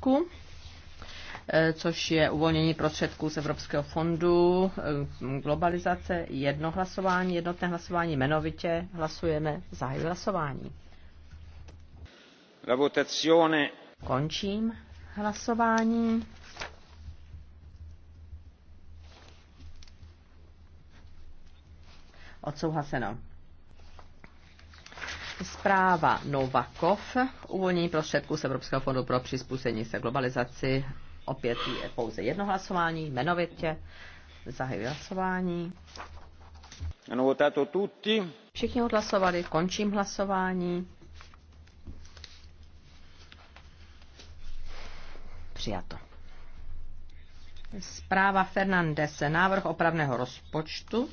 Turecku eh, což je uvolnění prostředků z Evropského fondu, eh, globalizace, jedno hlasování, jednotné hlasování, jmenovitě hlasujeme, za hlasování. La votazione. Končím hlasování. Odsouhlaseno. Zpráva Novakov, uvolnění prostředků z Evropského fondu pro přizpůsobení se globalizaci. Opět je pouze jedno hlasování, jmenovitě. Zahajuji hlasování. Všichni odhlasovali, končím hlasování. Přijato. Zpráva Fernandese, návrh opravného rozpočtu.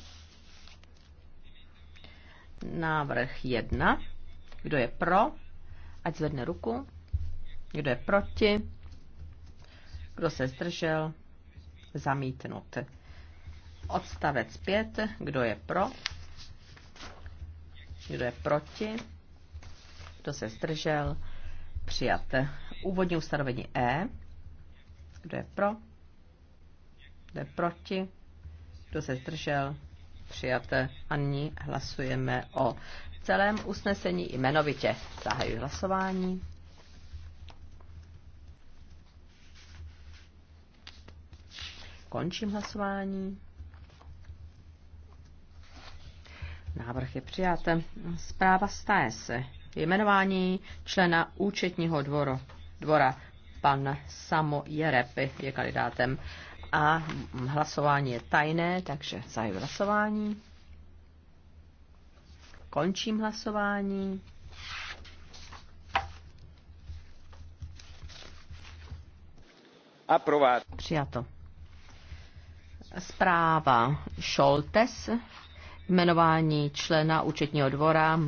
Návrh 1. Kdo je pro, ať zvedne ruku. Kdo je proti, kdo se zdržel, zamítnut. Odstavec 5. Kdo je pro, kdo je proti, kdo se zdržel, přijat. Úvodní ustanovení E. Kdo je pro, kdo je proti, kdo se zdržel, přijat. A nyní hlasujeme o celém usnesení jmenovitě. Zahajuji hlasování. Končím hlasování. Návrh je přijat. Zpráva se Jmenování člena účetního dvoru, dvora. Pan Samo Jerep je kandidátem a hlasování je tajné, takže zahajuji hlasování. Končím hlasování. Aprovat. Přijato. Zpráva Šoltes, jmenování člena účetního dvora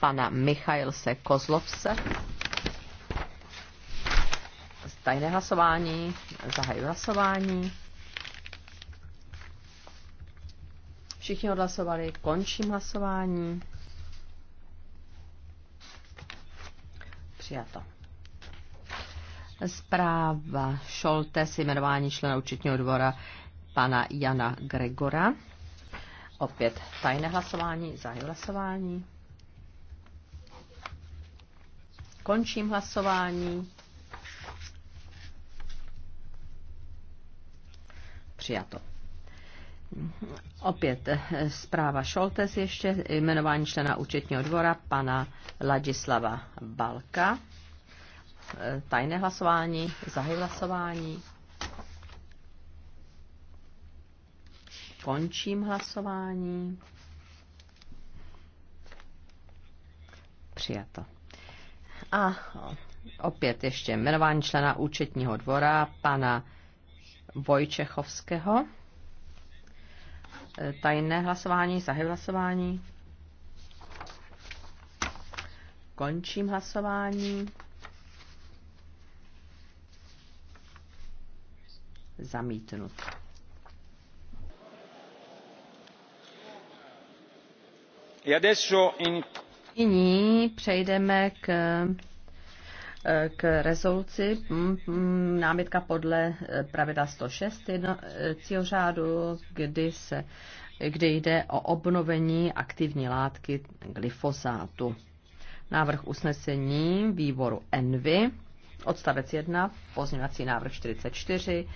pana Michailse Kozlovse. Tajné hlasování, zahajuji hlasování. Všichni odhlasovali, končím hlasování. Přijato. Zpráva Šoltes jmenování člena účetního dvora pana Jana Gregora. Opět tajné hlasování, zahajuji hlasování. Končím hlasování. Přijato. Opět eh, zpráva Šoltes ještě, jmenování člena účetního dvora pana Ladislava Balka. Eh, tajné hlasování, zahy hlasování. Končím hlasování. Přijato. A opět ještě jmenování člena účetního dvora pana Vojčechovského. Eh, tajné hlasování, zahy hlasování. Končím hlasování. Zamítnut. Nyní přejdeme k k rezoluci mm, mm, námitka podle eh, pravidla 106 jednacího řádu, kdy, se, kdy jde o obnovení aktivní látky glyfosátu. Návrh usnesení výboru ENVY, odstavec 1, pozměňovací návrh 44,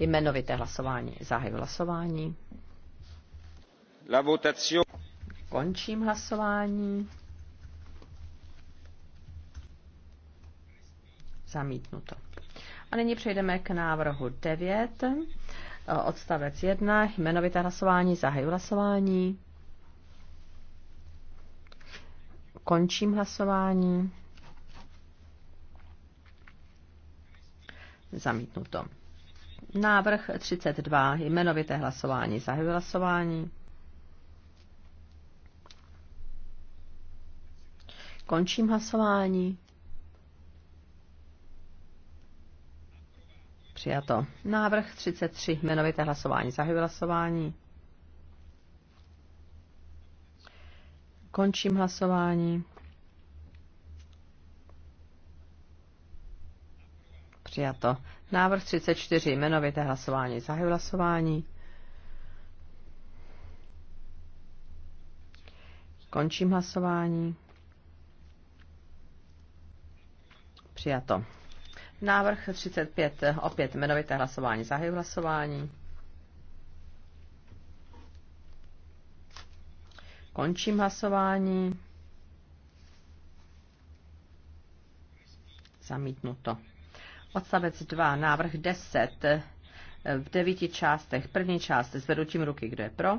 jmenovité hlasování, zahajuji hlasování. La Končím hlasování. zamítnuto. A nyní přejdeme k návrhu 9, eh, odstavec 1, jmenovité hlasování, zahaju hlasování. Končím hlasování. Zamítnuto. Návrh 32, jmenovité hlasování, zahaju hlasování. Končím hlasování. Přijato. Návrh 33. Jmenovité hlasování. Zahajuji hlasování. Končím hlasování. Přijato. Návrh 34. Jmenovité hlasování. Zahajuji hlasování. Končím hlasování. Přijato. Návrh 35, opět jmenovité hlasování. Zahajuji hlasování. Končím hlasování. Zamítnuto. Odstavec 2, návrh 10 v devíti částech. První část vedoucím ruky. Kdo je pro?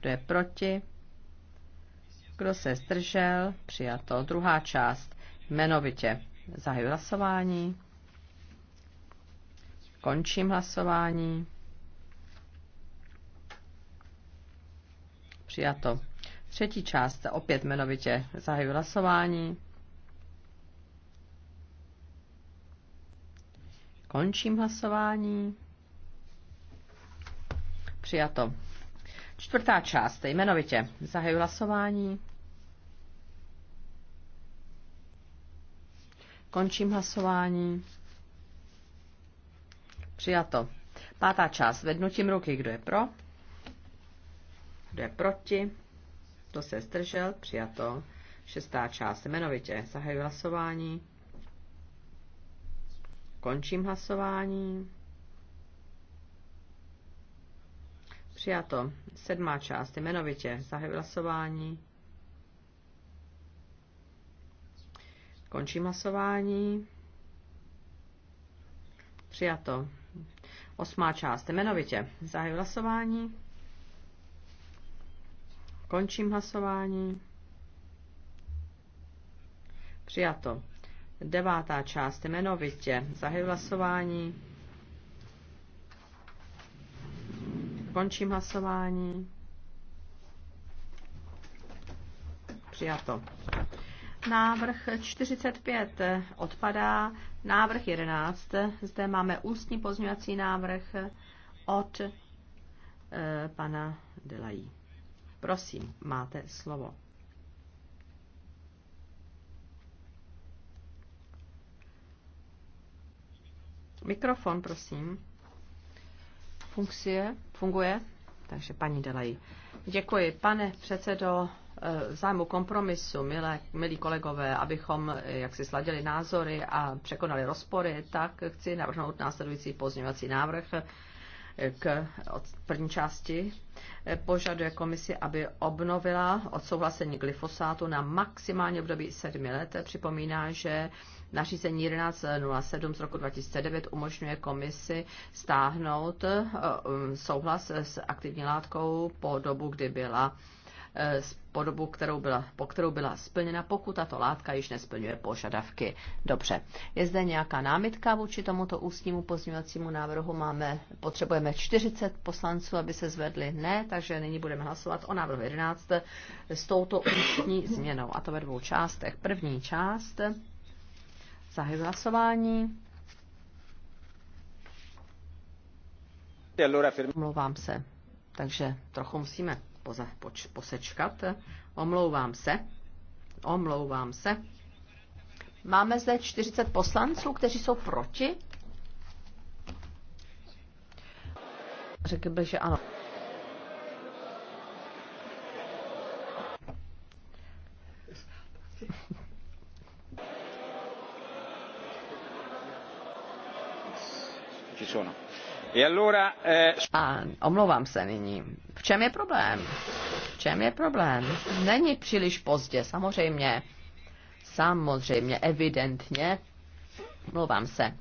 Kdo je proti? Kdo se zdržel? Přijato. Druhá část jmenovitě. Zahajuji hlasování. Končím hlasování. Přijato. Třetí část, opět jmenovitě zahajuji hlasování. Končím hlasování. Přijato. Čtvrtá část, jmenovitě zahajuji hlasování. Končím hlasování. Přijato. Pátá část. Vednutím ruky. Kdo je pro? Kdo je proti? Kdo se zdržel? Přijato. Šestá část. Jmenovitě. Zahajuji hlasování. Končím hlasování. Přijato. Sedmá část. Jmenovitě. Zahajuji hlasování. Končím hlasování. Přijato. Osmá část. Jmenovitě. Zahajuji hlasování. Končím hlasování. Přijato. Devátá část. Jmenovitě. Zahajuji hlasování. Končím hlasování. Přijato. Návrh 45 odpadá. Návrh 11. Zde máme ústní pozměňovací návrh od e, pana Delají. Prosím, máte slovo. Mikrofon, prosím. Funkcie, funguje? Takže paní Delají. Děkuji, pane předsedo v zájmu kompromisu, milé, milí kolegové, abychom eh, jak si sladili názory a překonali rozpory, tak chci navrhnout následující pozměňovací návrh eh, k první části. Eh, požaduje komisi, aby obnovila odsouhlasení glyfosátu na maximálně období sedmi let. Připomíná, že nařízení 1107 z roku 2009 umožňuje komisi stáhnout souhlas s aktivní látkou po dobu, kdy byla z eh, podobu, kterou byla, po kterou byla splněna, pokud tato látka již nesplňuje požadavky. Dobře. Je zde nějaká námitka vůči tomuto ústnímu pozměňovacímu návrhu? Máme, potřebujeme 40 poslanců, aby se zvedli. Ne, takže nyní budeme hlasovat o návrhu 11 s touto ústní změnou. A to ve dvou částech. První část Zahy hlasování. E Mluvám se, takže trochu musíme poza, poč, posečkat. Omlouvám se. Omlouvám se. Máme zde 40 poslanců, kteří jsou proti. Řekl bych, že ano. E eh, A omlouvám se nyní čem je problém? V čem je problém? Není příliš pozdě, samozřejmě. Samozřejmě, evidentně. Mluvám se.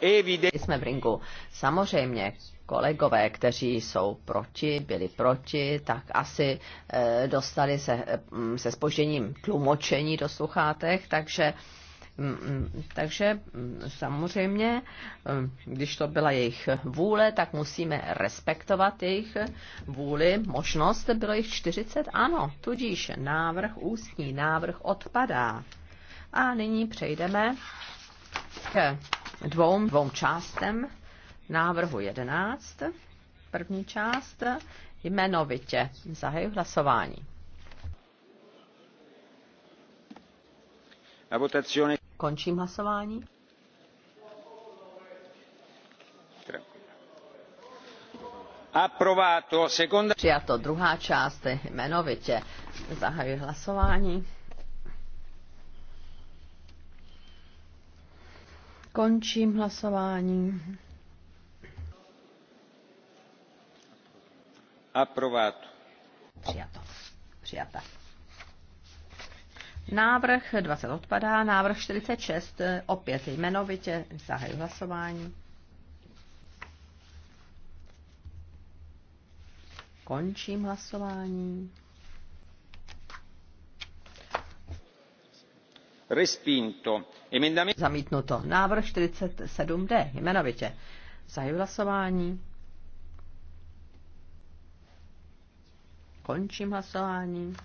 Evidentně. Jsme v ringu. Samozřejmě, kolegové, kteří jsou proti, byli proti, tak asi eh, dostali se, eh, se spožděním tlumočení do sluchátek, takže Mm, mm, takže mm, samozřejmě, když to byla jejich vůle, tak musíme respektovat jejich vůli. Možnost bylo jich 40, ano, tudíž návrh, ústní návrh odpadá. A nyní přejdeme k dvou, dvou částem návrhu 11. První část jmenovitě. Zahajuji hlasování. votazione Končím hlasování. Aprovato. seconda... Přijato druhá část jmenovitě. Zahajuji hlasování. Končím hlasování. Aprovato. Přijato. Přijata. Návrh 20 odpadá, návrh 46 eh, opět jmenovitě, zahaju hlasování. Končím hlasování. Respinto. Emendami... Zamítnuto. Návrh 47D jmenovitě. Zahaju hlasování. Končím hlasování.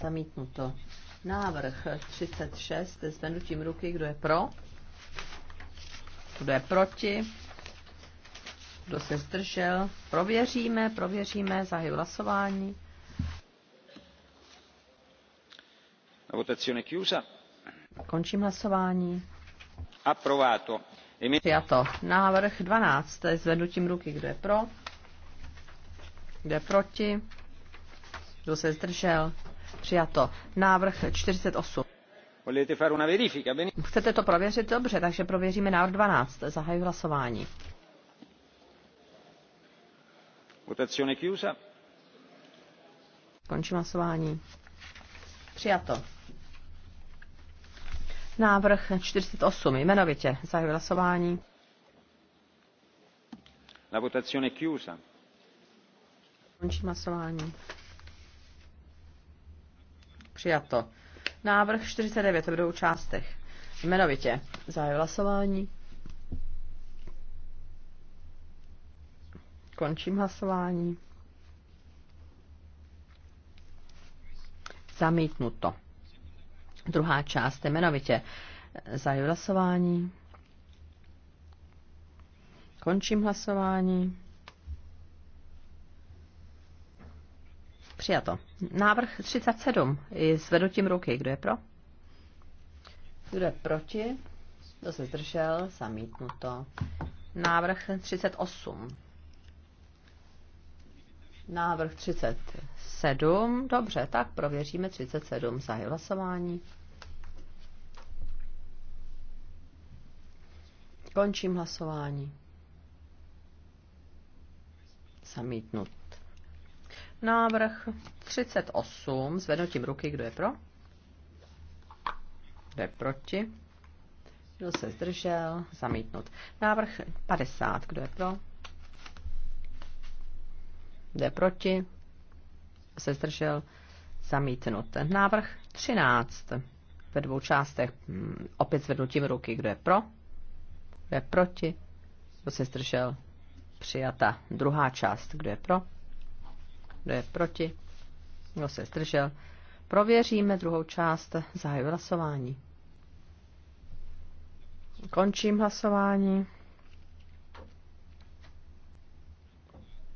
Zamítnuto. Návrh 36 s zvednutím ruky, kdo je pro, kdo je proti, kdo se zdržel. Prověříme, prověříme, zahajuji hlasování. La votazione chiusa. Končím hlasování. Approvato. Přijato. Návrh 12 s zvednutím ruky, kdo je pro, kdo je proti. Kdo se zdržel? Přijato. Návrh 48. Chcete to prověřit? Dobře, takže prověříme návrh 12. Zahajuji hlasování. Votazione chiusa. Končím hlasování. Přijato. Návrh 48. Jmenovitě. Zahajuji hlasování. La votazione chiusa. Končím hlasování. Přijato. Návrh 49 ve dvou částech. Jmenovitě. Zájem hlasování. Končím hlasování. Zamítnuto. Druhá část jmenovitě. Zahajuji hlasování. Končím hlasování. Přijato. Návrh 37. I s vedutím ruky. Kdo je pro? Kdo je proti? Kdo se zdržel? Zamítnuto. Návrh 38. Návrh 37. Dobře, tak prověříme 37. Zahy hlasování. Končím hlasování. Zamítnuto. Návrh 38, zvednutím ruky, kdo je pro? Kdo je proti? Kdo se zdržel? Zamítnut. Návrh 50, kdo je pro? Kdo je proti? Kdo se zdržel? Zamítnut. Návrh 13, ve dvou částech, hmm, opět zvednutím ruky, kdo je pro? Kdo je proti? Kdo se zdržel? Přijata druhá část, kdo je pro? kdo je proti, kdo se zdržel. Prověříme druhou část, zahajuji hlasování. Končím hlasování.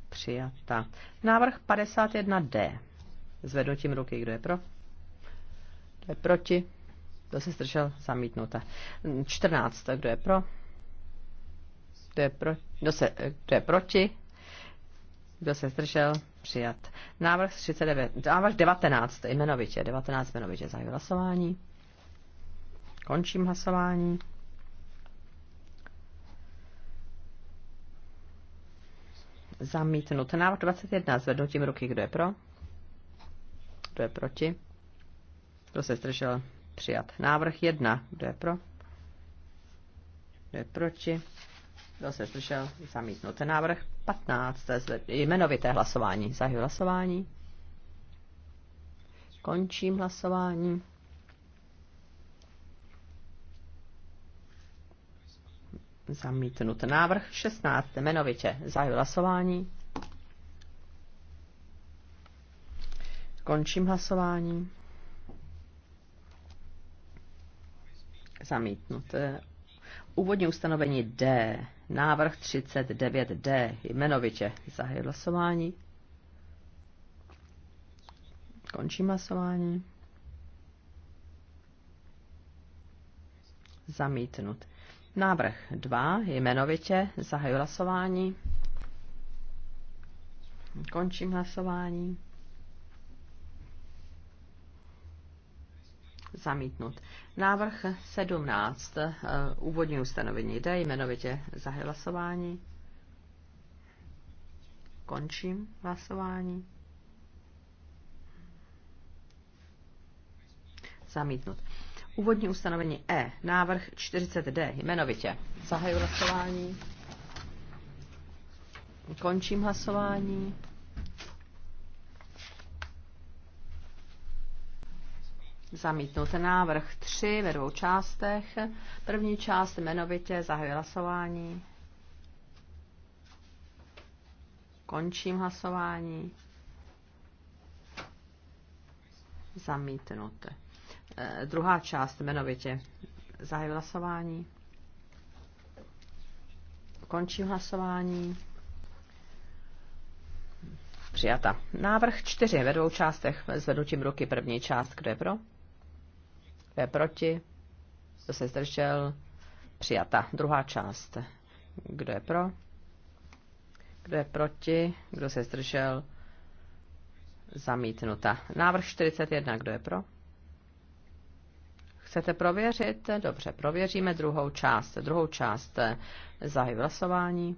Přijata. Návrh 51D. Zvednutím ruky, kdo je pro? Kdo je proti? Kdo se zdržel? Zamítnuté. 14. Kdo je pro? Kdo je, pro, kdo, se, kdo je proti? Kdo se zdržel? přijat. Návrh 39, návrh 19, jmenovitě, 19 jmenovitě zahajuji hlasování. Končím hlasování. Zamítnut. Návrh 21. tím ruky. Kdo je pro? Kdo je proti? Kdo se zdržel? Přijat. Návrh 1. Kdo je pro? Kdo je proti? Kdo se zdržel? Zamítnut. Návrh 15. Jmenovité hlasování. Zahajuji hlasování. Končím hlasování. Zamítnut návrh 16. Jmenovitě zahajuji hlasování. Končím hlasování. Zamítnuté. Eh, Úvodní ustanovení D, návrh 39D, jmenovitě zahajuji hlasování. Končím hlasování. Zamítnut. Návrh 2, jmenovitě zahajuji hlasování. Končím hlasování. zamítnut. Návrh 17, eh, úvodní ustanovení D, jmenovitě za hlasování. Končím hlasování. Zamítnut. Úvodní ustanovení E, návrh 40D, jmenovitě Zahajuji hlasování. Končím hlasování. Zamítnout návrh 3 ve dvou částech. První část jmenovitě zahajuje hlasování. Končím hlasování. Zamítnout. Eh, druhá část jmenovitě zahajuje hlasování. Končím hlasování. Přijata. Návrh čtyři ve dvou částech. Zvednutím ruky první část. Kdo je pro? Kdo je proti? Kdo se zdržel? Přijata. Druhá část. Kdo je pro? Kdo je proti? Kdo se zdržel? Zamítnuta. Návrh 41. Kdo je pro? Chcete prověřit? Dobře, prověříme druhou část. Druhou část zahy hlasování.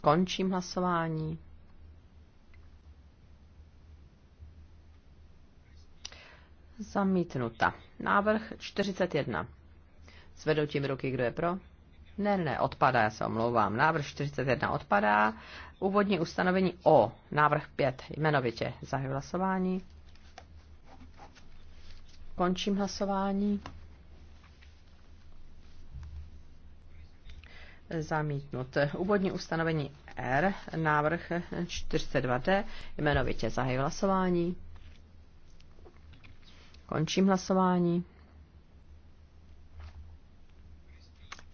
Končím hlasování. Zamítnuta. Návrh 41. S vedoucím ruky, kdo je pro? Ne, ne, odpadá, já se omlouvám. Návrh 41 odpadá. Úvodní ustanovení O. Návrh 5. Jmenovitě. za hlasování. Končím hlasování. Zamítnut. Úvodní ustanovení R. Návrh 42D. Jmenovitě. zahy hlasování. Končím hlasování.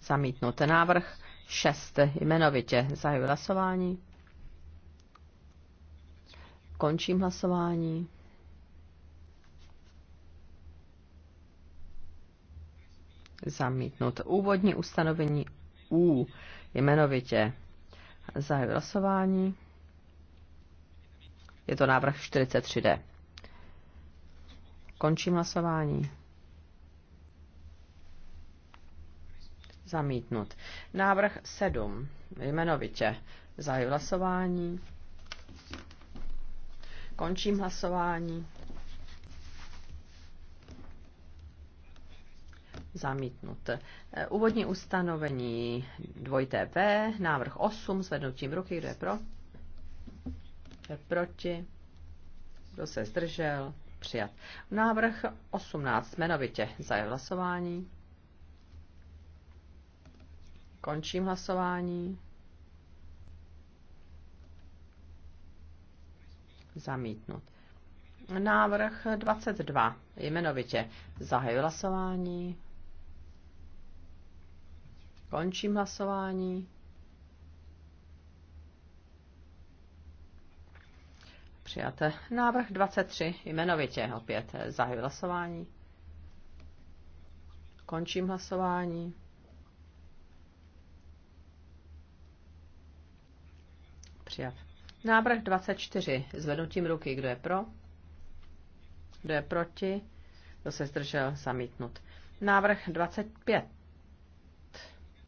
Zamítnut návrh 6. Jmenovitě zahajuji hlasování. Končím hlasování. Zamítnut úvodní ustanovení U. Jmenovitě zahajuji hlasování. Je to návrh 43D. Končím hlasování. Zamítnut. Návrh 7. Jmenovitě. Zahajuji hlasování. Končím hlasování. Zamítnut. Eh, úvodní ustanovení 2TP. návrh 8, zvednutím ruky, kdo je pro? Kdo je proti? Kdo se zdržel? přijat. Návrh 18 jmenovitě za hlasování. Končím hlasování. Zamítnut. Návrh 22 jmenovitě zahajuji hlasování. Končím hlasování. Přijaté. Návrh 23, jmenovitě opět. Zahajuji hlasování. Končím hlasování. Přijat. Návrh 24. Zvednutím ruky. Kdo je pro? Kdo je proti? Kdo se zdržel? Zamítnut. Návrh 25.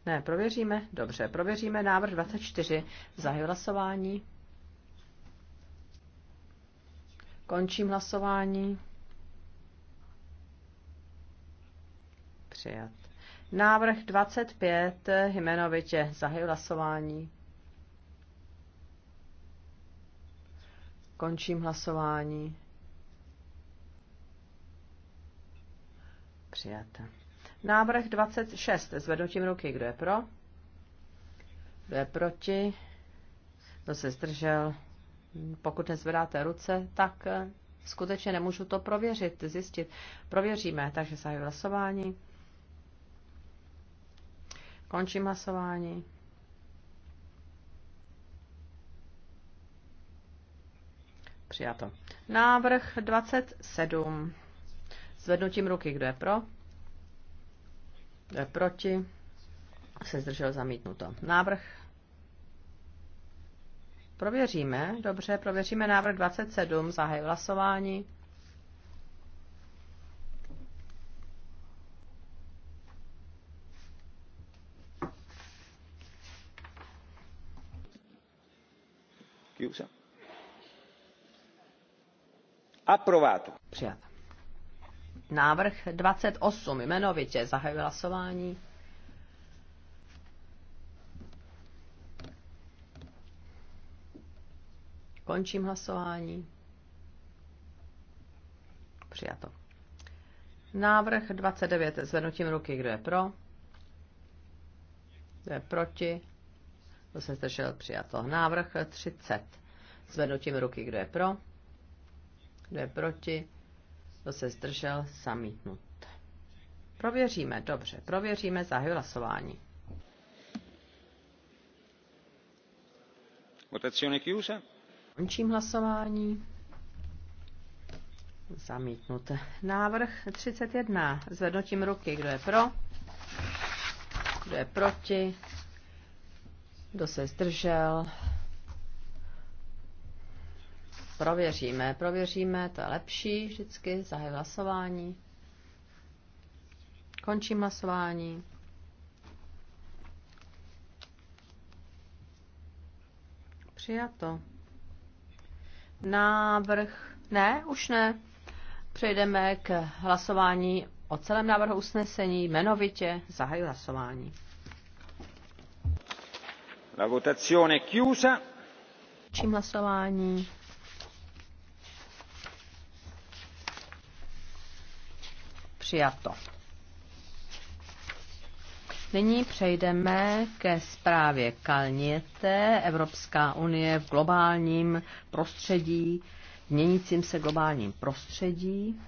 Ne, prověříme. Dobře, prověříme návrh 24. Zahajuji hlasování. Končím hlasování. Přijat. Návrh 25 jmenovitě zahajuji hlasování. Končím hlasování. Přijat. Návrh 26. Zvednutím ruky. Kdo je pro? Kdo je proti? Kdo se zdržel? pokud nezvedáte ruce, tak eh, skutečně nemůžu to prověřit, zjistit. Prověříme, takže zahajuji hlasování. Končím hlasování. Přijato. Návrh 27. Zvednutím ruky, kdo je pro? Kdo je proti? Se zdržel zamítnuto. Návrh Prověříme, dobře, prověříme návrh 27, zahaj hlasování. Chiusa. Approvato. Přijat. Návrh 28, jmenovitě, zahaj hlasování. Končím hlasování. Přijato. Návrh 29. Zvednutím ruky. Kdo je pro? Kdo je proti? Kdo se zdržel? Přijato. Návrh 30. Zvednutím ruky. Kdo je pro? Kdo je proti? Kdo se zdržel? Samítnut. Prověříme. Dobře. Prověříme. Zahajuji hlasování. Votazione chiusa. Končím hlasování. Zamítnut. Návrh 31. Zvednutím ruky. Kdo je pro? Kdo je proti? Kdo se zdržel? Prověříme, prověříme, to je lepší vždycky, zahaj hlasování. Končím hlasování. Přijato návrh? Ne, už ne. Přejdeme k hlasování o celém návrhu usnesení. Jmenovitě zahajuji hlasování. La votazione chiusa. Čím hlasování? Přijato. Nyní přejdeme ke zprávě Kalněte, Evropská unie v globálním prostředí, měnícím se globálním prostředí.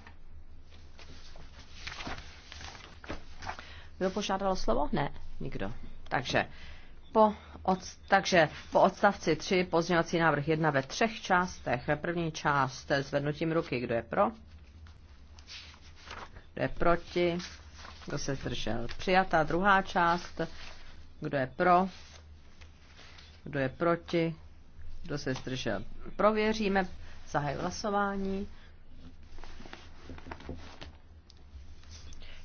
Kdo požádal slovo? Ne, nikdo. Takže po, od, takže po odstavci 3 pozměňovací návrh 1 ve třech částech. První část zvednutím ruky. Kdo je pro? Kdo je proti? Kdo se zdržel? Přijatá druhá část. Kdo je pro? Kdo je proti? Kdo se zdržel? Prověříme. Zahaj hlasování.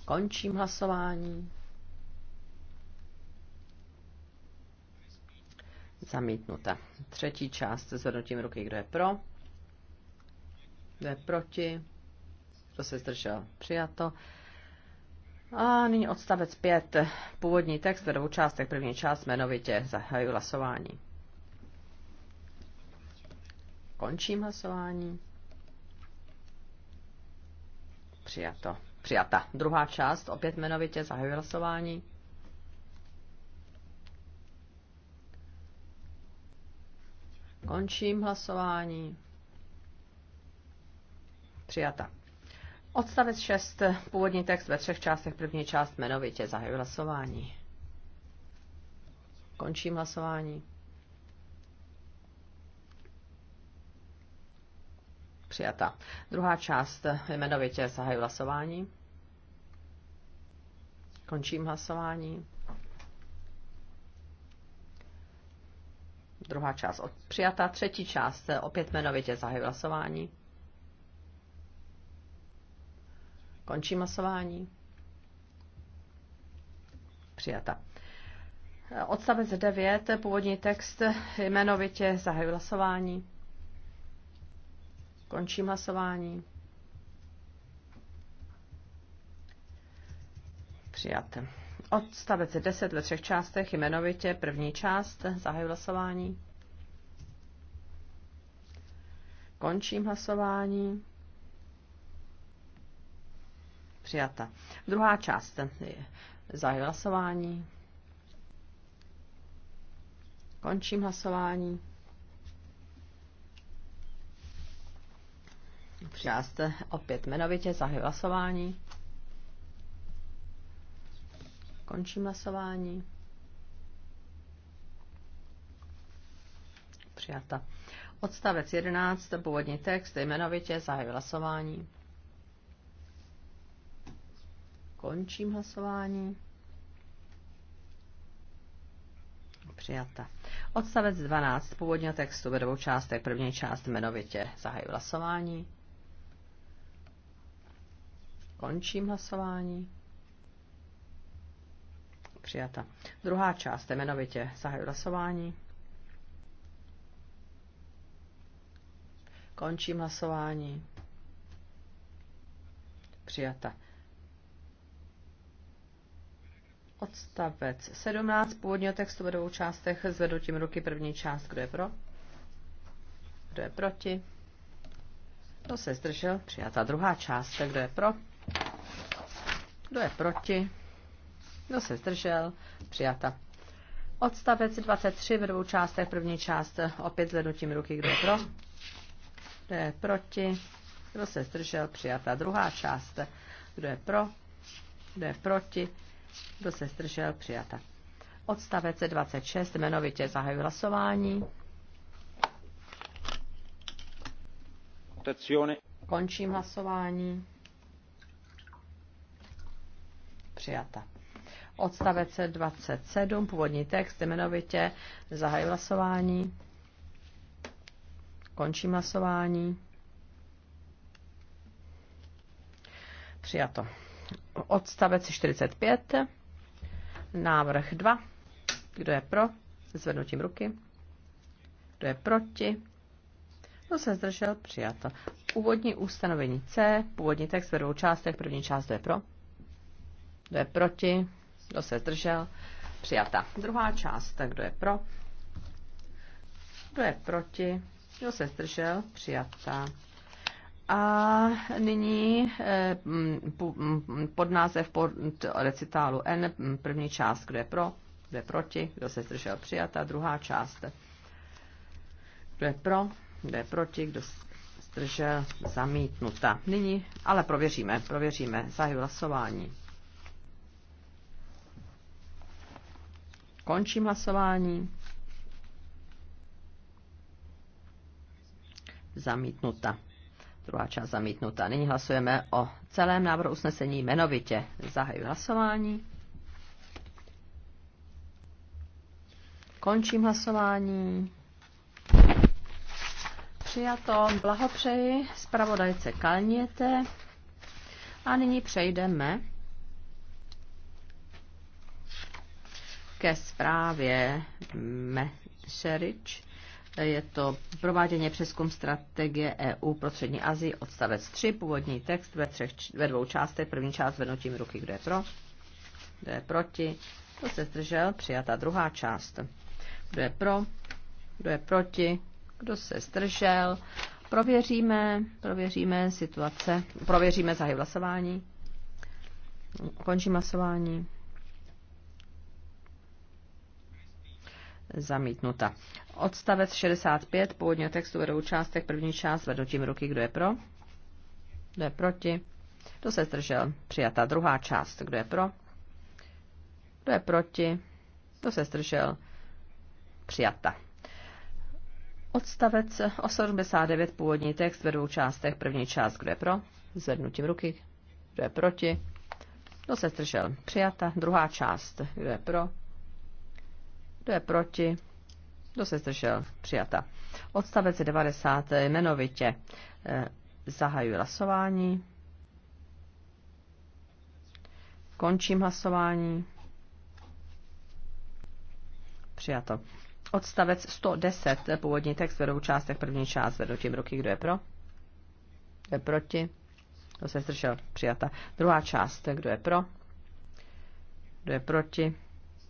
Končím hlasování. Zamítnuta. Třetí část. Zvednutím ruky. Kdo je pro? Kdo je proti? Kdo se zdržel? Přijato. A nyní odstavec 5. Původní text ve dvou částech. První část jmenovitě zahajuji hlasování. Končím hlasování. Přijato. Přijata. Druhá část opět jmenovitě zahajuji hlasování. Končím hlasování. Přijata. Odstavec 6, původní text ve třech částech, první část jmenovitě, zahajuji hlasování. Končím hlasování. Přijata. Druhá část jmenovitě zahajuji hlasování. Končím hlasování. Druhá část od, přijata. Třetí část opět jmenovitě zahajuji hlasování. končí masování. Přijata. Odstavec 9, původní text, jmenovitě zahajuji hlasování. Končím hlasování. Přijat. Odstavec 10 ve třech částech, jmenovitě první část, zahajuji hlasování. Končím hlasování. Přijata. Druhá část. Zahajuji hlasování. Končím hlasování. Přijat opět jmenovitě. Zahajuji hlasování. Končím hlasování. Přijata. Odstavec 11, původní text, jmenovitě, zahajuji hlasování. Končím hlasování. Přijata. Odstavec 12 Původně textu ve dvou částech. První část jmenovitě zahajuji hlasování. Končím hlasování. Přijata. Druhá část jmenovitě zahajuji hlasování. Končím hlasování. Přijata. Odstavec 17 původního textu ve dvou částech tím ruky první část. Kdo je pro? Kdo je proti? Kdo se zdržel? Přijatá druhá část. Kdo je pro? Kdo je proti? Kdo se zdržel? Přijata. Odstavec 23 ve dvou částech. První část opět zvednutím ruky. Kdo je pro? Kdo je proti? Kdo se zdržel? Přijata. Druhá část. Kdo je pro? Kdo je proti? Byl se stržel Přijata. Odstavec 26. Jmenovitě zahajuji hlasování. Končím hlasování. Přijata. Odstavec 27, původní text, jmenovitě zahajuji hlasování. Končím hlasování. Přijato odstavec 45, návrh 2. Kdo je pro? Zvednutím ruky. Kdo je proti? Kdo se zdržel? Přijato. Úvodní ustanovení C, původní text ve dvou částech, první část, kdo je pro? Kdo je proti? Kdo se zdržel? Přijata. Druhá část, kdo je pro? Kdo je proti? Kdo se zdržel? Přijata. A nyní eh, pod název pod recitálu N, první část, kdo je pro, kdo je proti, kdo se zdržel přijata, druhá část, kdo je pro, kdo je proti, kdo zdržel zamítnuta. Nyní, ale prověříme, prověříme, zahajuji hlasování. Končím hlasování. Zamítnuta. Druhá část zamítnutá. Nyní hlasujeme o celém návrhu usnesení jmenovitě. Zahajuji hlasování. Končím hlasování. Přijato. Blahopřeji Spravodajce Kalněte. A nyní přejdeme ke zprávě Mešerič je to prováděně přeskum strategie EU pro střední Azii, odstavec 3, původní text ve, třech, ve dvou částech, první část vednutím ruky, kdo je pro, kdo je proti, kdo se zdržel, přijata druhá část, kdo je pro, kdo je proti, kdo se zdržel, prověříme, prověříme situace, prověříme zahy hlasování, končím hlasování. zamítnuta. Odstavec 65 původního textu vedou částek, první část tím ruky, kdo je pro, kdo je proti, kdo se zdržel, přijata druhá část, kdo je pro, kdo je proti, kdo se zdržel, přijata. Odstavec 89 původní text ve dvou částech. První část, kdo je pro, zvednutím ruky, kdo je proti, kdo se zdržel, přijata. Druhá část, kdo je pro, kdo je proti? Kdo se zdržel? Přijata. Odstavec 90 eh, jmenovitě. Eh, zahajuji hlasování. Končím hlasování. Přijato. Odstavec 110, eh, původní text vedou dvou částech, první část vedou tím ruky, kdo je pro, kdo je proti, kdo se zdržel, přijata. Druhá část, kdo je pro, kdo je proti,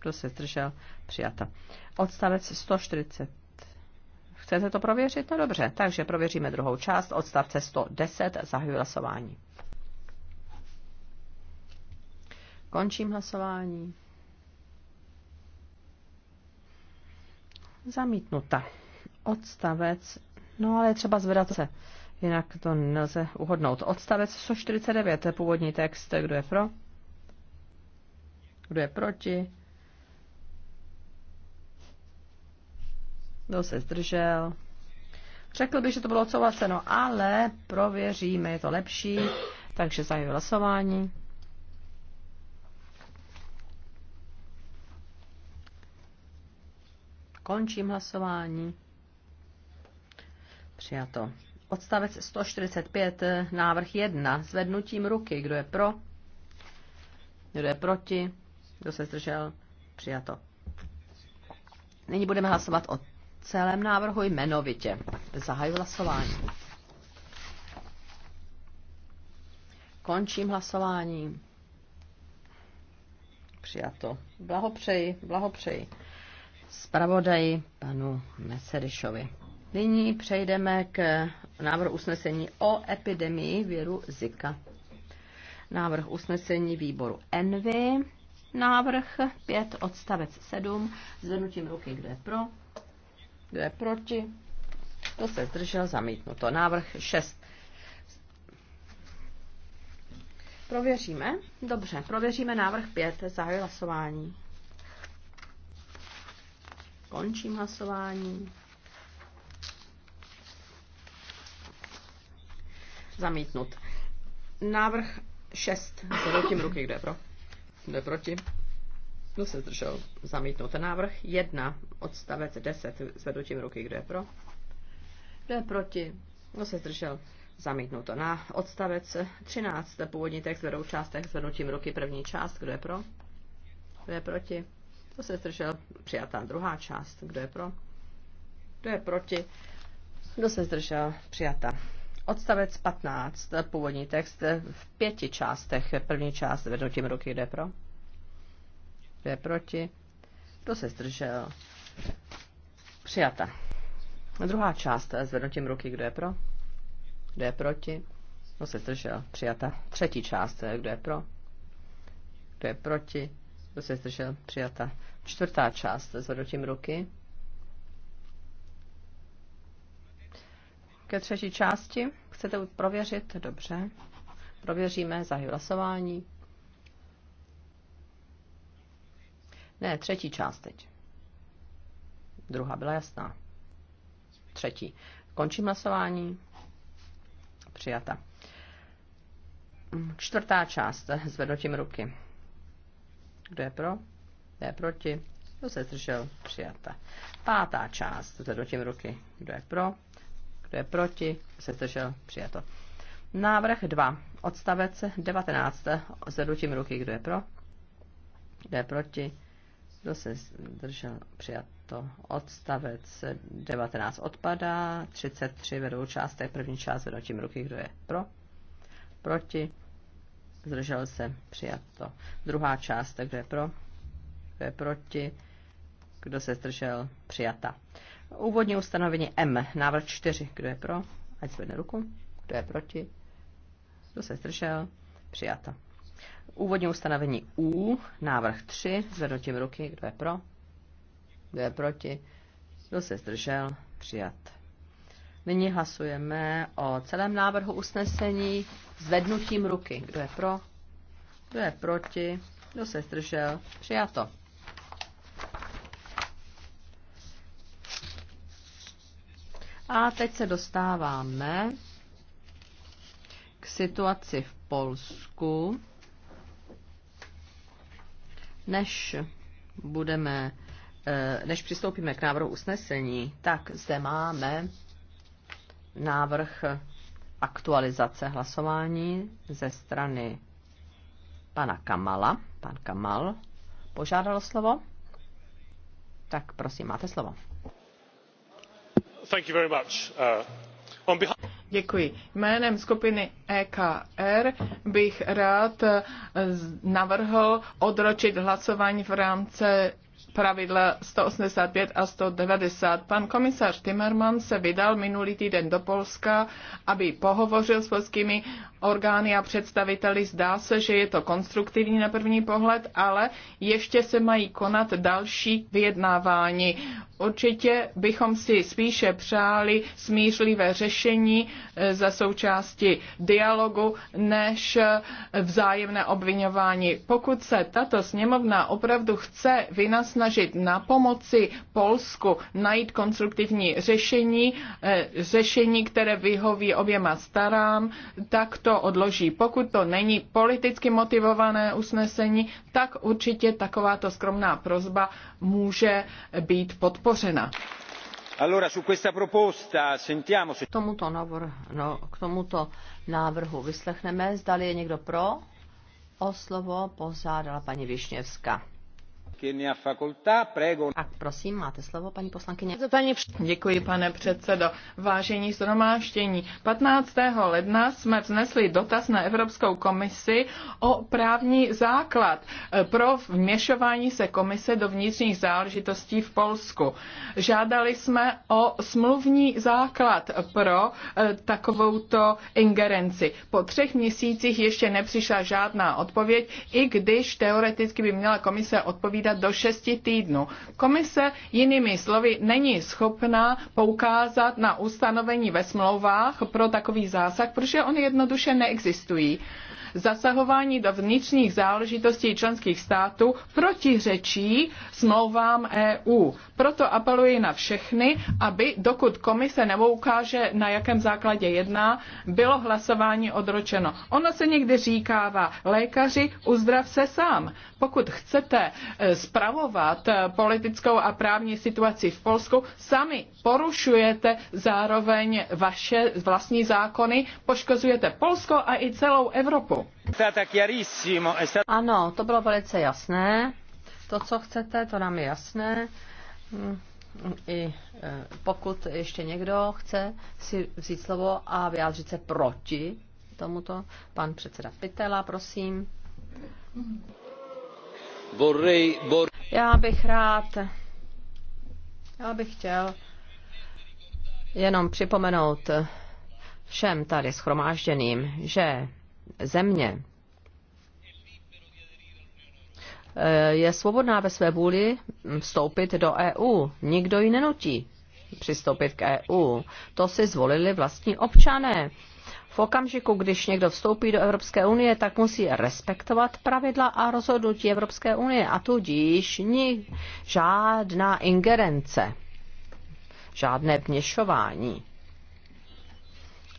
kdo se zdržel? Přijata. Odstavec 140. Chcete to prověřit? No dobře, takže prověříme druhou část. Odstavce 110. Zahajuji hlasování. Končím hlasování. Zamítnuta. Odstavec. No ale je třeba zvedat se. Jinak to nelze uhodnout. Odstavec 149. Původní text. Kdo je pro? Kdo je proti? Kdo se zdržel? Řekl bych, že to bylo odsouhlaseno, ale prověříme, je to lepší, takže zahajuji hlasování. Končím hlasování. Přijato. Odstavec 145, návrh 1. Zvednutím ruky. Kdo je pro? Kdo je proti? Kdo se zdržel? Přijato. Nyní budeme hlasovat o celém návrhu jmenovitě. Zahajuji hlasování. Končím hlasování. Přijato. Blahopřeji, blahopřeji. Spravodaji panu Meserišovi. Nyní přejdeme k návrhu usnesení o epidemii viru Zika. Návrh usnesení výboru Envy. Návrh 5 odstavec 7. Zvednutím ruky, kdo je pro. Kdo je proti? Kdo se zdržel? Zamítnuto. Návrh 6. Prověříme? Dobře, prověříme návrh 5. Zahajuji hlasování. Končím hlasování. Zamítnut. Návrh 6. Zvedou tím ruky, kdo je pro? Kdo je proti? Kdo se zdržel? Zamítnout návrh 1, odstavec 10, zvednutím ruky, kdo je pro? Kdo je proti? Kdo se zdržel? to. Na odstavec 13, původní text vedou částech zvednutím ruky první část. Kdo je pro? Kdo je proti? To se zdržel. Přijatá druhá část. Kdo je pro? Kdo je proti? Kdo se zdržel? Přijata. Odstavec 15, původní text v pěti částech. První část zvednutím ruky. Kdo je pro? Kdo je proti? Kdo se zdržel? Přijata. Druhá část. Zvednutím ruky. Kdo je pro? Kdo je proti? Kdo se zdržel? Přijata. Třetí část. Kdo je pro? Kdo je proti? Kdo se zdržel? Přijata. Čtvrtá část. Zvednutím ruky. Ke třetí části chcete prověřit? Dobře. Prověříme. Zahy hlasování. Ne, třetí část teď. Druhá byla jasná. Třetí. Končím hlasování. Přijata. Čtvrtá část. Zvednutím ruky. Kdo je pro? Kdo je proti? Kdo se zdržel? Přijata. Pátá část. Zvednutím ruky. Kdo je pro? Kdo je proti? Kdo se zdržel? Přijato. Návrh 2. Odstavec 19. Zvednutím ruky. Kdo je pro? Kdo je proti? Kdo se zdržel? to Odstavec 19 odpadá. 33 vedou je První část vedou ruky. Kdo je pro? Proti? Zdržel se? to Druhá část. Kdo je pro? Kdo je proti? Kdo se zdržel? Přijata. Úvodní ustanovení M. Návrh 4. Kdo je pro? Ať zvedne ruku. Kdo je proti? Kdo se zdržel? Přijata. Úvodní ustanovení U, návrh 3, zvednutím ruky, kdo je pro, kdo je proti, kdo se zdržel, přijat. Nyní hlasujeme o celém návrhu usnesení zvednutím ruky. Kdo je pro, kdo je proti, kdo se zdržel, přijato. A teď se dostáváme k situaci v Polsku. Než budeme, eh, než přistoupíme k návrhu usnesení, tak zde máme návrh aktualizace hlasování ze strany pana Kamala. Pan Kamal požádal slovo. Tak prosím, máte slovo. Thank you very much. Uh, on behalf... Děkuji. Jménem skupiny EKR bych rád eh, navrhl odročit hlasování v rámci pravidla 185 a 190. Pan komisař Timmerman se vydal minulý týden do Polska, aby pohovořil s polskými orgány a představiteli. Zdá se, že je to konstruktivní na první pohled, ale ještě se mají konat další vyjednávání Určitě bychom si spíše přáli smířlivé řešení eh, za součásti dialogu než eh, vzájemné obvinování. Pokud se tato sněmovna opravdu chce vynasnažit na pomoci Polsku najít konstruktivní řešení, eh, řešení, které vyhoví oběma starám, tak to odloží. Pokud to není politicky motivované usnesení, tak určitě takováto skromná prozba může být podporována podpořena. Tomuto no, k tomuto návrhu vyslechneme, zdali je někdo pro. O slovo požádala paní Višněvská. A prosím, máte slovo, Děkuji, pane předsedo. Vážení 15. ledna jsme vznesli dotaz na Evropskou komisi o právní základ eh, pro vměšování se komise do vnitřních záležitostí v Polsku. Žádali jsme o smluvní základ pro eh, takovouto ingerenci. Po třech měsících ještě nepřišla žádná odpověď, i když teoreticky by měla komise odpovídat vydat do šesti týdnů. Komise jinými slovy není schopná poukázat na ustanovení ve smlouvách pro takový zásah, protože oni jednoduše neexistují zasahování do vnitřních záležitostí členských států protiřečí smlouvám EU. Proto apeluji na všechny, aby dokud komise neukáže, na jakém základě jedná, bylo hlasování odročeno. Ono se někdy říkává, lékaři uzdrav se sám. Pokud chcete eh, spravovat eh, politickou a právní situaci v Polsku, sami porušujete zároveň vaše vlastní zákony, poškozujete Polsko a i celou Evropu. Ano, to bylo velice jasné. To, co chcete, to nám je jasné. Mm, I e, pokud ještě někdo chce si vzít slovo a vyjádřit se proti tomuto, pan předseda Pitela, prosím. Já bych rád, já bych chtěl jenom připomenout všem tady schromážděným, že země eh, je svobodná ve své vůli vstoupit do EU. Nikdo ji nenutí přistoupit k EU. To si zvolili vlastní občané. V okamžiku, když někdo vstoupí do Evropské unie, tak musí respektovat pravidla a rozhodnutí Evropské unie a tudíž ni žádná ingerence, žádné vněšování.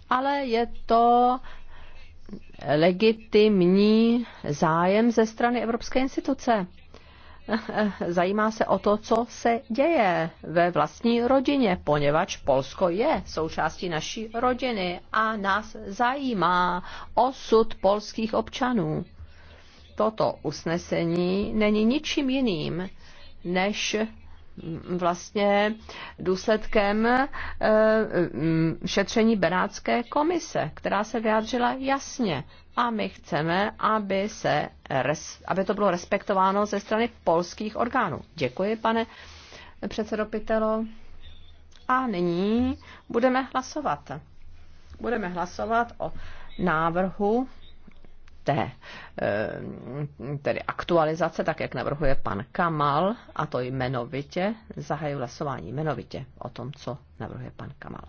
Ale je to legitimní zájem ze strany Evropské instituce. Zajímá se o to, co se děje ve vlastní rodině, poněvadž Polsko je součástí naší rodiny a nás zajímá osud polských občanů. Toto usnesení není ničím jiným než vlastně důsledkem eh, mm, šetření Benátské komise, která se vyjádřila jasně. A my chceme, aby, se, aby to bylo respektováno ze strany polských orgánů. Děkuji, pane předsedo Pitelo. A nyní budeme hlasovat. Budeme hlasovat o návrhu té eh, tedy aktualizace, tak jak navrhuje pan Kamal, a to jmenovitě, zahají hlasování jmenovitě o tom, co navrhuje pan Kamal.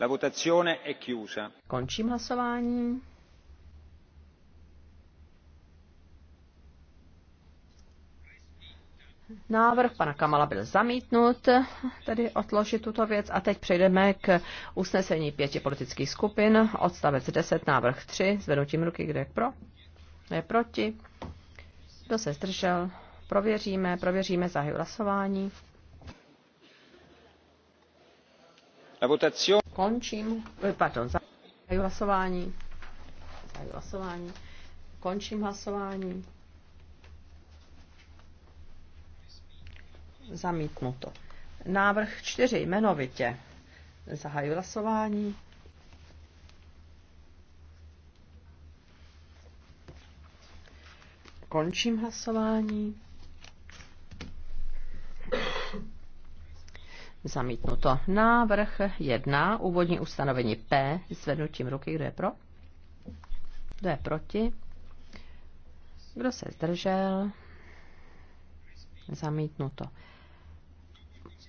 La votazione è chiusa. Končím hlasování. Návrh pana Kamala byl zamítnut, tedy odložit tuto věc. A teď přejdeme k usnesení pěti politických skupin. Odstavec 10, návrh 3. Zvednutím ruky, kde je pro? Je proti. Kdo se zdržel? Prověříme, prověříme zahy hlasování. Končím, eh, pardon, zahy hlasování. Zahy hlasování. Končím hlasování. Zamítnuto. Návrh čtyři jmenovitě. Zahaju hlasování. Končím hlasování. Zamítnuto. Návrh 1. Úvodní ustanovení P. Zvednutím ruky. Kdo je pro? Kdo je proti? Kdo se zdržel? Zamítnuto.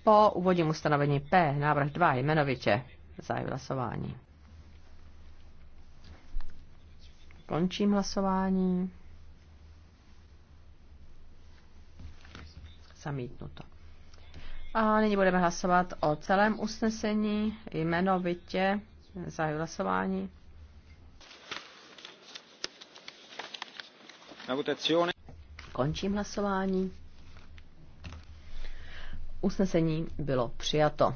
Po úvodním ustanovení P, návrh 2, jmenovitě, zájem hlasování. Končím hlasování. Zamítnuto. A nyní budeme hlasovat o celém usnesení, jmenovitě, zájem hlasování. Končím hlasování. Usnesení bylo přijato.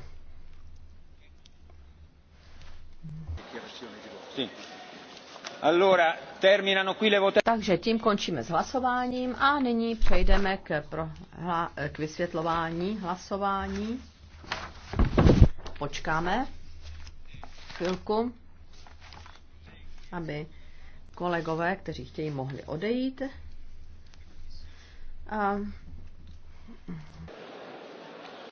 Takže tím končíme s hlasováním a nyní přejdeme k, pro, hla, k vysvětlování hlasování. Počkáme chvilku, aby kolegové, kteří chtějí, mohli odejít. A